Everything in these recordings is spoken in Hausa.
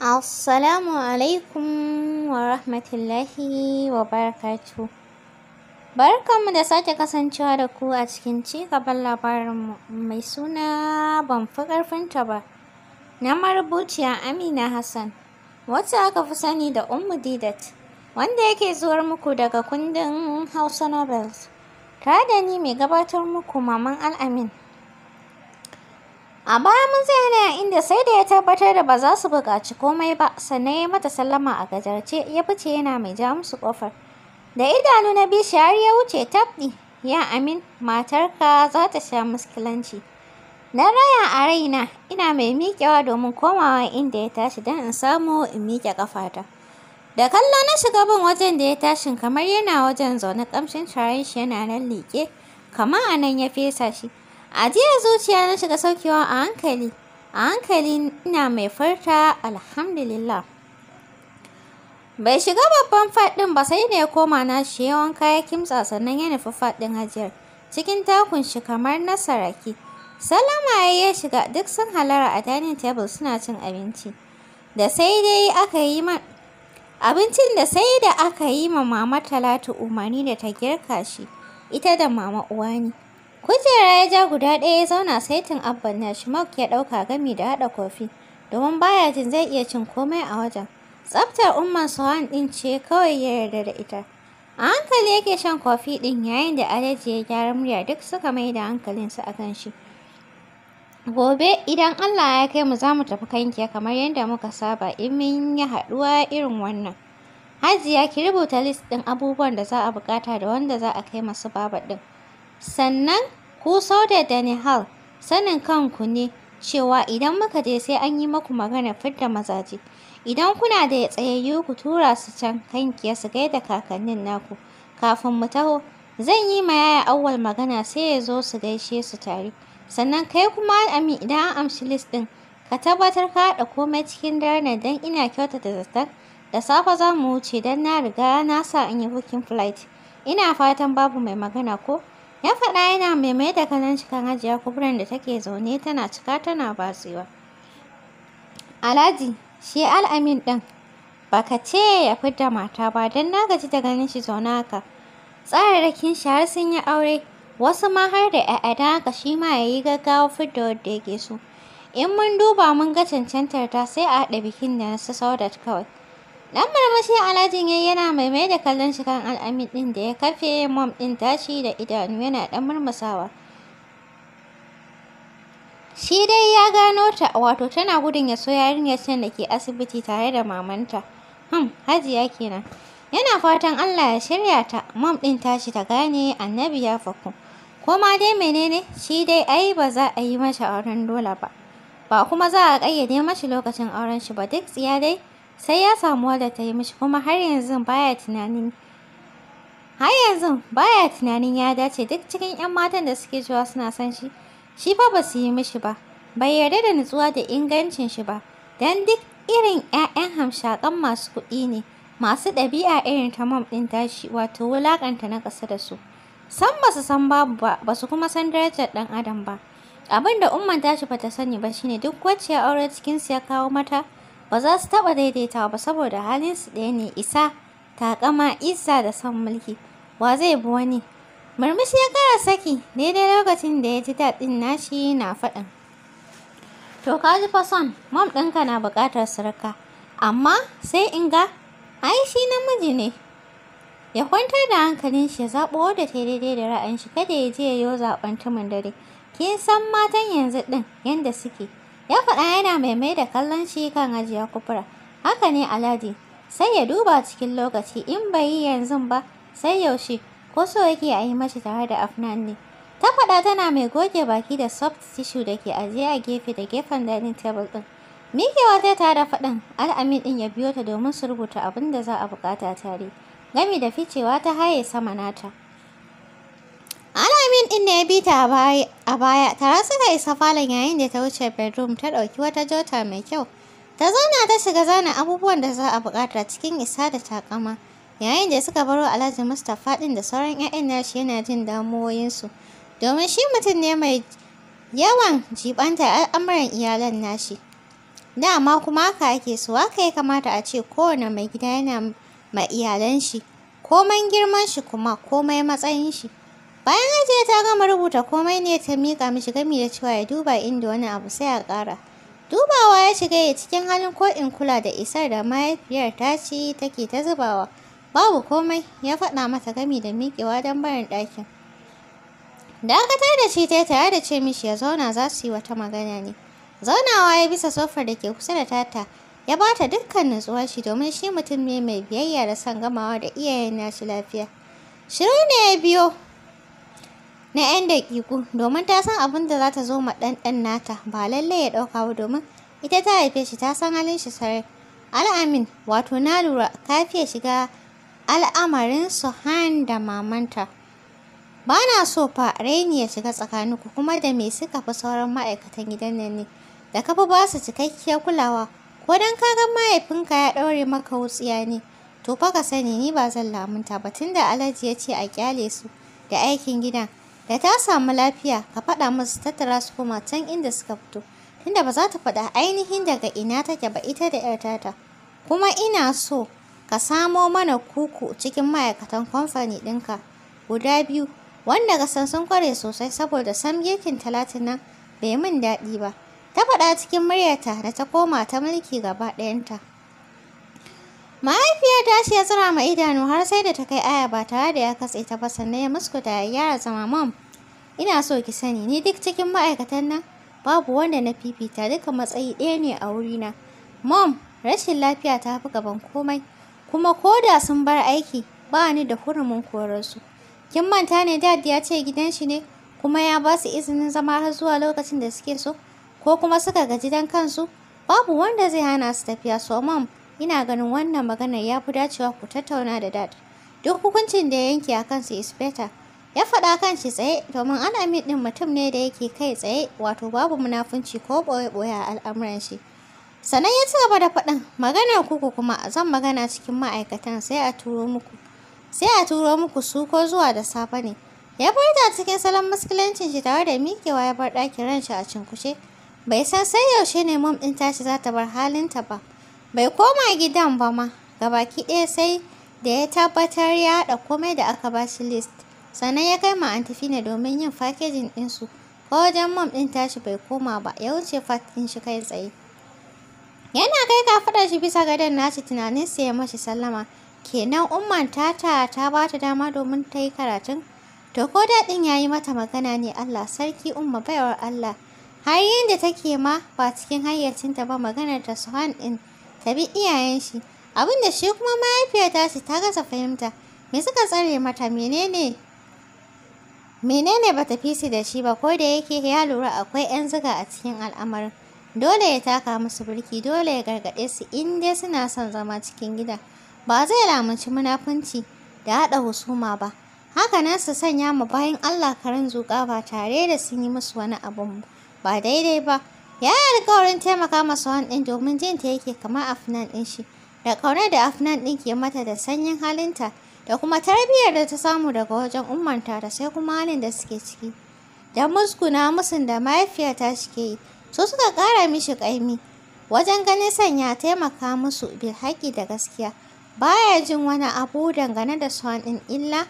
Assalamu alaikum wa rahmatullahi wa barakatu. Barkanmu da sake kasancewa da ku a cikin ci gaban labarinmu mai suna ban fi ƙarfinta ba. Na marubuciya Amina Hassan, wacce aka fi sani da Ummu Didat, wanda yake zuwar muku daga kundin Hausa Novels. Ta da ni mai gabatar muku Maman Al'amin. A baya mun zai ne inda sai da ya tabbatar da ba za su buƙaci komai ba, sannan ya mata sallama a gajarce ya fice yana mai ja musu ƙofar. Da idanu na bishi har ya wuce tabɗi, ya amin matarka za ta sha muskilanci. Na raya a raina, ina mai miƙewa domin komawa inda ya tashi don in samu in miƙe ƙafata. Da kallo na shiga bin wajen da ya tashin kamar yana wajen zaune ƙamshin sharan shi yana nan liƙe, kamar a nan ya fesa shi. ajiyar zuciya na shiga saukewa a hankali a hankali ina mai farta alhamdulillah bai shiga babban faɗin ba sai da ya koma na shi yawan kaya kimtsa sannan ya nufi faɗin hajiyar cikin takun shi kamar na saraki salama ya shiga duk sun halara a dining table suna cin abinci da sai dai aka yi ma abincin da sai da aka yi ma mama talatu umarni da ta girka shi ita da mama uwani Kujera ya ja guda ɗaya ya zauna saitin abban nashi Mark ya ɗauka gami da haɗa kofi domin baya jin zai iya cin komai a wajen. Tsaftar umman Suhan ɗin ce kawai ya yarda da ita. A hankali yake shan kofi ɗin yayin da Alhaji ya gyara murya duk suka mai da hankalinsu a kan shi. Gobe idan Allah ya kai mu za mu tafi kankiya kamar yadda muka saba in mun yi haɗuwa irin wannan. Hajiya ki rubuta list ɗin abubuwan da za a buƙata da wanda za a kai masu baba ɗin. Sannan ku sau da Hal sanin kanku ne cewa idan muka je sai an yi maku magana fidda mazaje. Idan kuna da tsayayyu ku tura su can hankiya su gaida kakannin naku. Kafin mu taho, zan yi ma yaya awwal magana sai ya zo su gaishe su tare. Sannan kai kuma al'amin idan an amshi list ɗin, ka tabbatar ka haɗa komai cikin daren don ina kyauta da zaton da safe za mu wuce don na riga na sa an yi booking flight. Ina fatan babu mai magana ko? Ya faɗa yana mai mai da kanan cikin hajiya kuburan da take zaune tana cika tana batsewa. Alhaji, shi al'amin ɗin, ba ka ce ya fidda mata ba don na gaji da ganin shi zaune haka. Tsararrakin shi har sun yi aure, wasu ma har da ‘ya'ya don haka shi ma ya yi gaggawa fidda wadda yake so. In mun duba mun ga cancantar ta sai a haɗa bikin da na su kawai. Dan marmashi Alhajin yayi yana mai mai da kallon shi kan al'amin ɗin da ya kafe mom ɗin tashi da idanu yana ɗan murmusawa. Shi dai ya gano ta wato tana gudun ya so yarinyar can da ke asibiti tare da mamanta. Hmm, Hajiya kenan. Yana fatan Allah ya shirya ta, mom ɗin tashi ta gane annabi ya faku. Ko ma dai menene, shi dai ai ba za a yi masa auren dole ba. Ba kuma za a kayyade mashi lokacin auren shi ba duk tsiya dai. sai ya samu wadda ta yi mishi kuma har yanzu baya tunanin har yanzu baya tunanin ya dace duk cikin 'yan matan da suke cewa suna son shi shi fa ba su yi mishi ba bai yarda da nutsuwa da ingancin shi ba dan duk irin 'ya'yan hamshakan masu kuɗi ne masu ɗabi'a irin ta mam ɗin tashi wato wulaƙanta na ƙasa da su san ba su san babu ba ba su kuma san darajar ɗan adam ba abin da umman tashi ba ta sani ba shine duk wacce ya aure su ya kawo mata ba za su taɓa daidaitawa ba saboda halinsu ɗaya ne isa takama isa da son mulki wa zai bi wani murmushi ya ƙara saki daidai lokacin da ya ji daɗin nashi na faɗin to ka ji fa son mam ɗinka na buƙatar sirka amma sai in ga ai shi namiji ne ya kwantar da hankalin shi ya zaɓo da ta daidai da ra'ayin shi kada ya je ya yi zaɓen tumin dare kin san matan yanzu ɗin yanda suke ya faɗa yana mai mai da kallon shi kan ajiya kufura haka ne alhaji sai ya duba cikin lokaci in bai yi yanzu ba sai yaushe ko so yake a yi mashi tare da afnan ne ta faɗa tana mai goge baki da soft tissue da ke ajiye a gefe da gefen dining table ɗin mikewa ta tare da faɗin al'amin ɗin ya biyo ta domin su rubuta abin da za a buƙata tare gami da ficewa ta haye sama nata din ne ya bi ta a baya, tara suka isa falon yayin da ta wuce bedroom ta ɗauki wata jota mai kyau. Ta zauna ta shiga zana abubuwan da za a buƙata cikin isa da takama. Yayin da suka baro Alhaji Mustapha din da sauran 'ya'yan nashi yana jin damuwoyinsu. Domin shi mutum ne mai yawan jibanta al'amuran iyalan nashi. Dama kuma haka ake so, haka ya kamata a ce kowane mai gida yana ma iyalan shi, komai girman shi kuma komai matsayin shi. Bayan Hajiya ta gama rubuta komai ne ta miƙa mishi gami da cewa ya duba inda wani abu sai a ƙara. Dubawa ya shiga ya cikin halin ko in kula da isar da mahaifiyar ta ci take ta zubawa. Babu komai ya faɗa mata gami da miƙewa don barin ɗakin. Dakatar da shi ta tare da ce mishi ya zauna za su yi wata magana ne. Zaunawa ya bisa sofar da ke kusa da tata ya ba ta dukkan nutsuwa shi domin shi mutum ne mai biyayya da son gamawa da iyayen nashi lafiya. Shiru ne ya biyo na 'yan daƙiƙu domin ta san abin da za ta zo ma ɗanɗan nata ba lallai ya ɗauka ba domin ita ta haife shi ta san halin shi sarai. Al'amin wato na lura ka fiye shiga al'amarin su han da mamanta. Ba na so fa raini ya shiga tsakaninku kuma da me suka fi sauran ma'aikatan gidan nan ne da ka fi ba su cikakkiyar kulawa ko don ka ga mahaifinka ya ɗaure maka wutsiya ne. To fa ka sani ni ba zan lamunta ba tunda Alhaji ya ce a kyale su da aikin gidan. da ta samu lafiya ka faɗa musu tattara su koma can inda suka fito tunda ba za ta faɗa ainihin daga ina take ba ita da 'yar tata kuma ina so ka samo mana kuku cikin ma'aikatan kamfani ɗinka guda biyu wanda ka san sun kware sosai saboda sam girkin talatin nan bai min daɗi ba ta faɗa cikin muryarta da ta koma ta mulki gaba ɗayanta Mahaifiyata shi ya tsira ma idanu har sai da ta kai aya ba tare da ya katse ta ba sannan ya muskuta ya gyara zama mom. Ina so ki sani ni duk cikin ma'aikatan nan babu wanda na fifita duka matsayi ɗaya ne a wurina. Mom, rashin lafiya ta fi gaban komai, kuma ko da sun bar aiki ba ni da hurumin korarsu. Kin manta ne dad ya ce gidan shi ne kuma ya ba su izinin zama har zuwa lokacin da suke so ko kuma suka gaji dan kansu babu wanda zai hana su tafiya so mom. ina ganin wannan maganar ya fi dacewa ku tattauna da dad duk hukuncin da ya yanke a kansa is ya faɗa kan shi tsaye domin ana min ɗin mutum ne da yake kai tsaye wato babu munafunci ko ɓoye-ɓoye a al'amuran shi sannan ya ci gaba da faɗin maganar kuku kuma zan magana cikin ma'aikatan sai a turo muku sai a turo muku su ko zuwa da safe ne ya furta cikin salon muskilancin shi tare da mikewa ya bar ɗakin ranshi a cinkushe bai san sai yaushe ne mom ɗin tashi za ta bar halinta ba bai koma gidan ba ma gabaki ɗaya sai da ya tabbatar ya haɗa komai da aka ba shi list sannan ya kai ma antifina domin yin fakejin ɗinsu ko wajen mom ɗin tashi bai koma ba ya wuce fat ɗin shi kai tsaye yana kai kafaɗar shi bisa gadon tunanin tunaninsa ya mashi sallama kenan umman tata ta ba ta dama domin ta yi karatun to ko daɗin ya yi mata magana ne allah sarki umma baiwar allah har yin da take ma ba cikin hayyacinta ba maganar ta suhan ɗin ta bi iyayen shi abin da shi kuma mahaifiyar tashi ta gasa fahimta me suka tsare mata menene menene bata fisi da shi ba ko da yake ya lura akwai 'yan zuga a cikin al'amarin dole ya taka musu birki dole ya gargaɗe su in dai suna son zama cikin gida ba zai lamunci munafunci da haɗa husuma ba haka nan su sanya ma bayan allah karen zuƙa ba tare da sun yi musu wani abu ba daidai ba ya alƙawarin taimaka ma wani ɗin domin jin ta yake kamar Afnan ɗin shi da ƙaunar da Afnan ɗin ke mata da sanyin halinta da kuma tarbiyyar da ta samu daga wajen ummanta da sai kuma halin da suke ciki da muskuna musun da mahaifiyar ta yi su suka ƙara mishi ƙaimi wajen ganin sanya taimaka musu bil haƙƙi da gaskiya baya jin wani abu dangane da Suhan ɗin illa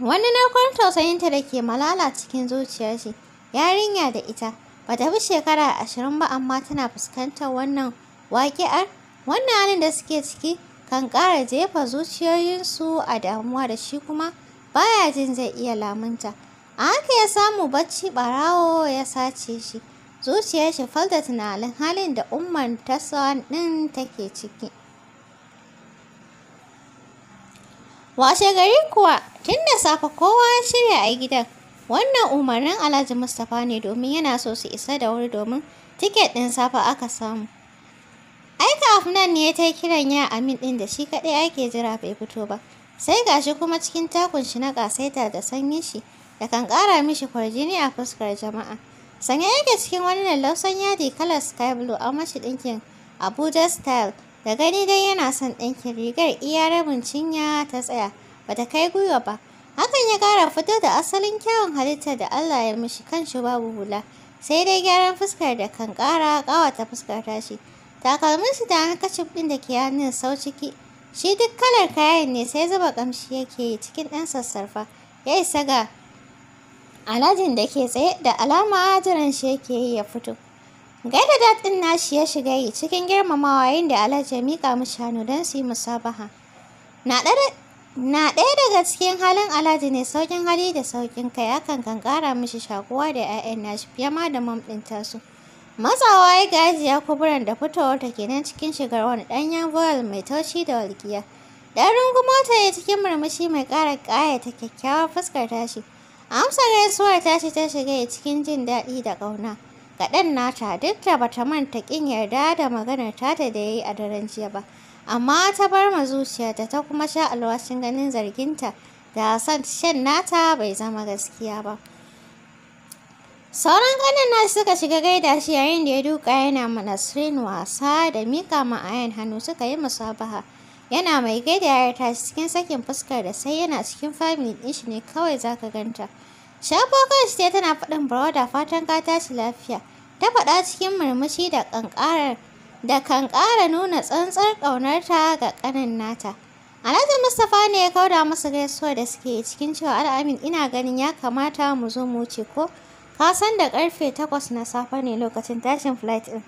wani na narkon tausayinta da ke malala cikin zuciyar shi yarinya da ita Ba ta fi shekara ashirin ba amma tana fuskantar wannan waƙi'ar. Wannan halin da suke ciki kan ƙara jefa zuciyoyinsu a damuwa da shi kuma baya jin zai iya lamunta. A haka ya samu bacci ɓarawo ya sace shi. Zuciyar shi falda tunanin halin da umman tasawan ɗin take ciki. Washe gari kuwa, tun da safe kowa ya shirya a gidan, Wannan umarnin Alhaji Mustapha ne domin yana so su isa da wuri domin tiket ɗin safa aka samu. Aika Afnan ne ya ta kiran ya Amin ɗin da shi kaɗai ake jira bai fito ba. Sai gashi kuma cikin takun shi na ƙasaita da sanyin shi da kan ƙara mishi kwarjini a fuskar jama'a. Sanya yake cikin wani lallausan yadi kalar sky blue an mashi ɗinkin Abuja style da gani dai yana son ɗinkin rigar iya rabin cinya ta tsaya bata kai gwiwa ba. Hakan ya ƙara fito da asalin kyawun halittar da Allah ya mishi kan shi babu hula, sai dai gyaran fuskar da kan ƙara ƙawata fuskar tashi. takalmin Takalminsu da hankacin ɗin da ke hannun sau ciki, shi duk kalar kayan ne sai zuba ƙamshi yake yi cikin ɗan sassarfa, ya isa ga alhajin da ke tsaye da alama ajiran shi yake yi ya fito. Gaida daɗin nashi ya shiga yi cikin girmamawa yayin da alhaji ya miƙa mishi don su yi musabaha. Na ɗaɗa na ɗaya daga cikin halin alhaji ne saukin hali da saukin kai akan kan ƙara mishi shakuwa da 'ya'yan nashi fiye ma da mamɗinta su. matsawa ya gaji ya kuburan da fitowar ta kenan cikin shigar wani ɗanyen voyal mai taushi da walƙiya ɗan runguma ta yi cikin murmushi mai ƙara ta kyakkyawar fuskar tashi amsa gaisuwar tashi ta shiga ya cikin jin daɗi da ƙauna kaɗan nata duk da bata manta ƙin yarda da maganar tata da ya yi a daren jiya ba amma ta bar ma zuciyarta ta kuma sha alwashin ganin zarginta da san shan nata bai zama gaskiya ba. Sauran ganin nasu suka shiga gaida shi yayin da ya duka yana ma wasa da mika ma hannu suka yi musabaha. Yana mai gaida ya tashi cikin sakin fuskar da sai yana cikin family ɗin shi ne kawai zaka ganta. Shafo kanshi tana faɗin brother fatan ka tashi lafiya. Ta faɗa cikin murmushi da ƙanƙarar da kan ƙara nuna tsantsar ƙaunarta ga ƙanin nata. Alhaji Mustapha ne ya kauda masa gaisuwa da suke cikin cewa al'amin ina ganin ya kamata mu zo mu wuce ko ka san da ƙarfe takwas na safe ne lokacin tashin flight ɗin.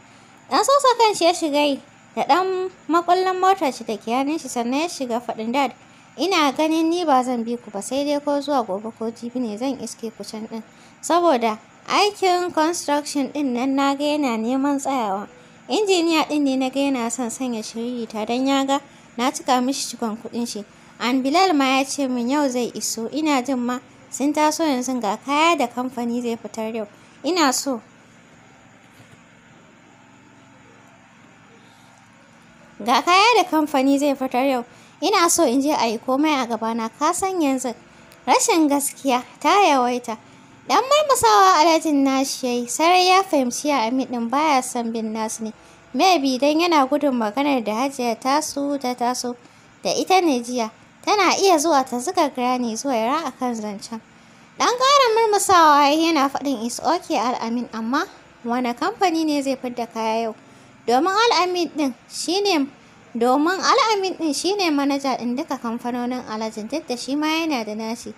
ɗan sosa kan shi ya shiga da ɗan makullin motar shi da ke hannun shi sannan ya shiga faɗin dad. Ina ganin ni ba zan bi ku ba sai dai ko zuwa gobe ko jibi ne zan iske ku can ɗin. Saboda aikin construction ɗin nan na ga yana neman tsayawa. injiniya ɗin ne na ga yana son sanya ta. don ya ga na cika mishi cikon kuɗin shi an bilal ma ya ce min yau zai iso ina jin ma sun taso yanzu ga kaya da kamfani zai fitar yau ina so ga kaya da kamfani zai fitar yau ina so in je a yi komai a gabana ka san yanzu rashin gaskiya ta yawaita Dan marmasawa alhajin nashi yayi sarai ya fahimci ya amin ɗin baya son bin nasu ne. Maybe don yana gudun maganar da hajiya su ta taso da ita ne jiya. Tana iya zuwa ta zuga grani zuwa yara a kan zancen. Dan ƙara murmusawa yana faɗin is okay al'amin amma wane kamfani ne zai da kaya yau? Domin al'amin ɗin shine domin al'amin ɗin shine manaja ɗin duka kamfanonin Alhaji, duk da shi ma yana da nashi.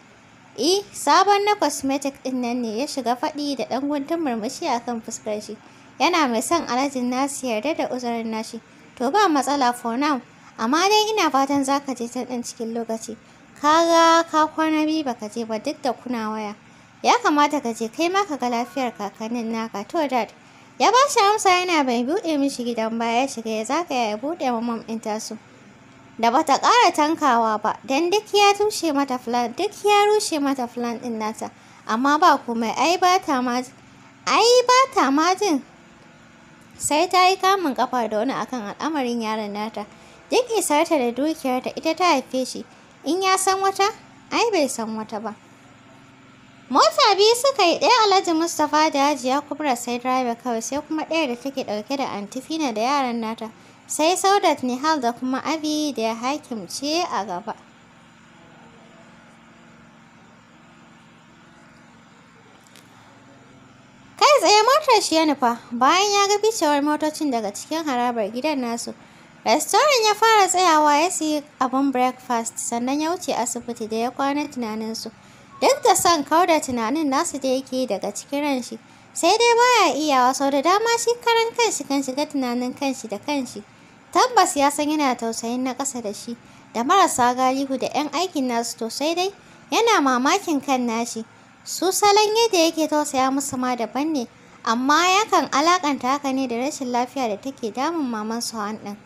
Eh, sabon na cosmetic ɗinnan nan ne ya shiga faɗi da ɗan guntun murmushi akan fuskar shi. Yana mai son alajin nasu yarda da uzurin nashi. To ba matsala for now, amma dai ina fatan za ka je ta ɗan cikin lokaci. Kaga ka kwana biyu baka je ba duk da kuna waya. Ya kamata ka je kai ma ka ga lafiyar kakannin naka to dad. Ya ba shi amsa yana bai buɗe mishi gidan baya ya shiga ya zagaya ya buɗe wa mom ɗin tasu. da bata ƙara tankawa ba don duk ya rushe mata flan ɗin nata amma ba komai ai ba ta ma jin sai ta yi kamun kafa da wani akan al'amarin yaron nata duk isarta da dukiyarta ita ta haife shi in ya san wata ai bai san wata ba mota biyu suka yi ɗaya alhaji mustapha da hajiya kubra sai driver kawai sai kuma ɗaya da take ɗauke da antifina da yaran nata sai Saudat Nihal da kuma Abi da ya hakimce a gaba. Kai tsaye motar shi ya nufa bayan ya ga ficewar motocin daga cikin harabar gidan nasu. Restoran ya fara tsayawa ya siyi abin breakfast sannan ya wuce asibiti da ya kwana tunaninsu. Duk da son da tunanin nasu da yake daga cikin ranshi. shi. sai dai baya iyawa sau da dama shi karan kanshi kan shiga tunanin kanshi da kanshi tabbas ya san yana tausayin na ƙasa da shi da marasa galihu da 'yan aikin nasu to sai dai yana mamakin kan nashi su salon yadda yake tausaya musu ma daban ne amma yakan alakanta haka ne da rashin lafiya da take damun maman su ɗin.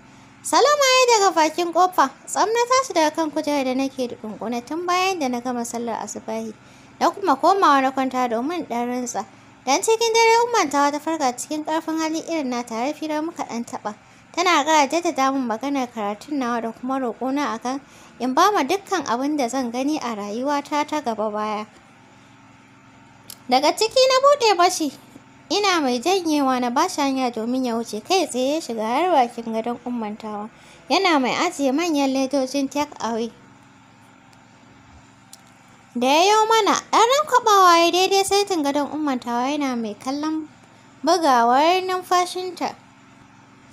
Salama ya daga bakin ƙofa, tsamna shi daga kan kujera da nake da tun bayan da na gama sallar asubahi. Na kuma komawa na kwanta domin ɗan rantsa Dan cikin dare umman ta farka cikin ƙarfin hali irin na tare fira muka ɗan taɓa. Tana kara jaddada min maganar karatun nawa da kuma roƙona akan in ba ma dukkan abin da zan gani a rayuwata ta gaba baya. Daga ciki na buɗe bashi ina mai janyewa na bashi hanya domin ya wuce kai tsaye ya shiga har bakin gadon ummantawa yana mai ajiye manyan ledojin take away da ya yi mana ɗan kwaɓawa ya daidai saitin gadon ummantawa yana mai kallon bugawar numfashinta